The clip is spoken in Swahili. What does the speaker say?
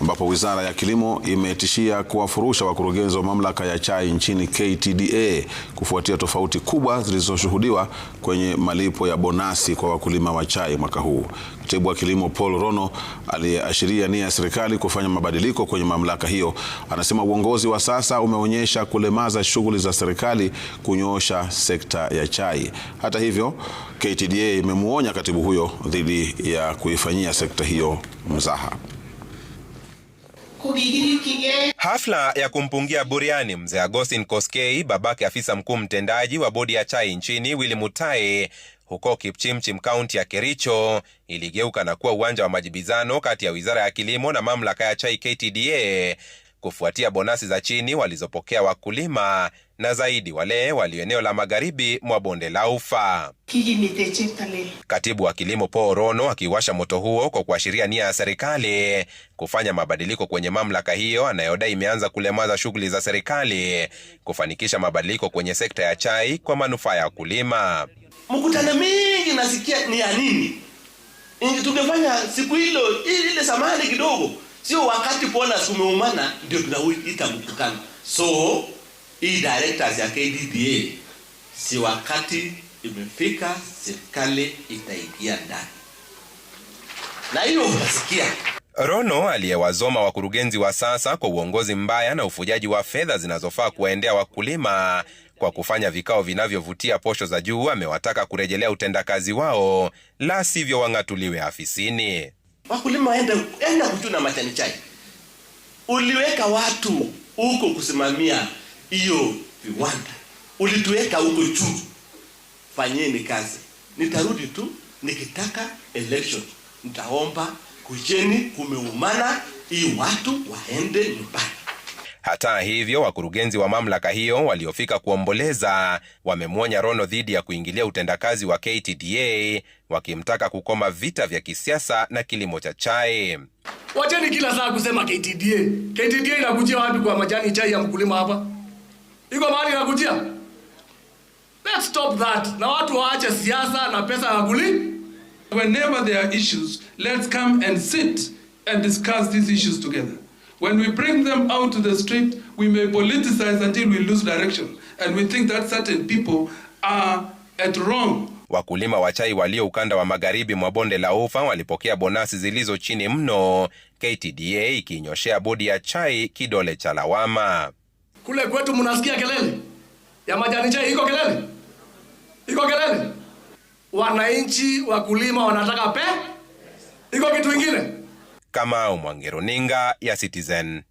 ambapo Wizara ya Kilimo imetishia kuwafurusha wakurugenzi wa mamlaka ya chai nchini KTDA kufuatia tofauti kubwa zilizoshuhudiwa kwenye malipo ya bonasi kwa wakulima wa chai mwaka huu. Katibu wa Kilimo Paul Rono aliyeashiria nia ya serikali kufanya mabadiliko kwenye mamlaka hiyo anasema uongozi wa sasa umeonyesha kulemaza shughuli za serikali kunyoosha sekta ya chai. Hata hivyo, KTDA imemwonya katibu huyo dhidi ya kuifanyia sekta hiyo mzaha. Hafla ya kumpungia buriani mzee Agostin Koskei, babake afisa mkuu mtendaji wa bodi ya chai nchini Willy mutai huko Kipchimchim, kaunti ya Kericho, iligeuka na kuwa uwanja wa majibizano kati ya wizara ya kilimo na mamlaka ya chai KTDA kufuatia bonasi za chini walizopokea wakulima na zaidi wale walio eneo la magharibi mwa bonde la Ufa. Katibu wa kilimo Paul Rono akiwasha moto huo kwa kuashiria nia ya serikali kufanya mabadiliko kwenye mamlaka hiyo anayodai imeanza kulemaza shughuli za serikali kufanikisha mabadiliko kwenye sekta ya chai kwa manufaa ya wakulima. Mkutano mingi nasikia ni ya nini? Tungefanya siku hilo ile samani kidogo, sio wakati kuona sumeumana ndio tunaita mkutano so hii directors ya KDDA si wakati imefika, serikali itaingia ndani na hiyo utasikia. Rono aliyewazoma wakurugenzi wa sasa kwa uongozi mbaya na ufujaji wa fedha zinazofaa kuwaendea wakulima kwa kufanya vikao vinavyovutia posho za juu, amewataka kurejelea utendakazi wao, la sivyo wang'atuliwe afisini. Wakulima enda, enda kuchuna majani chai. Uliweka watu huko kusimamia hiyo viwanda ulituweka huko juu, fanyeni kazi. Nitarudi tu nikitaka election, nitaomba kujeni, kumeumana hii watu waende nyumbani. Hata hivyo wakurugenzi wa mamlaka hiyo waliofika kuomboleza wamemwonya Rono dhidi ya kuingilia utendakazi wa KTDA, wakimtaka kukoma vita vya kisiasa na kilimo cha chai. Wacheni kila saa kusema KTDA. KTDA inakujia wapi kwa majani chai ya mkulima hapa? iko mahali inakujia. Let's stop that. Na watu waache siasa na pesa ya kuli. Whenever there are issues, let's come and sit and discuss these issues together. When we bring them out to the street, we may politicize until we lose direction. And we think that certain people are at wrong. Wakulima wa chai walio ukanda wa magharibi mwa bonde la Ufa walipokea bonasi zilizo chini mno, KTDA ikiinyoshea bodi ya chai kidole cha lawama. Kule kwetu mnasikia kelele ya majani chai, iko kelele, iko kelele. Wananchi wakulima wanataka pe, iko kitu ingine. Kamau Mwangi, runinga ya Citizen.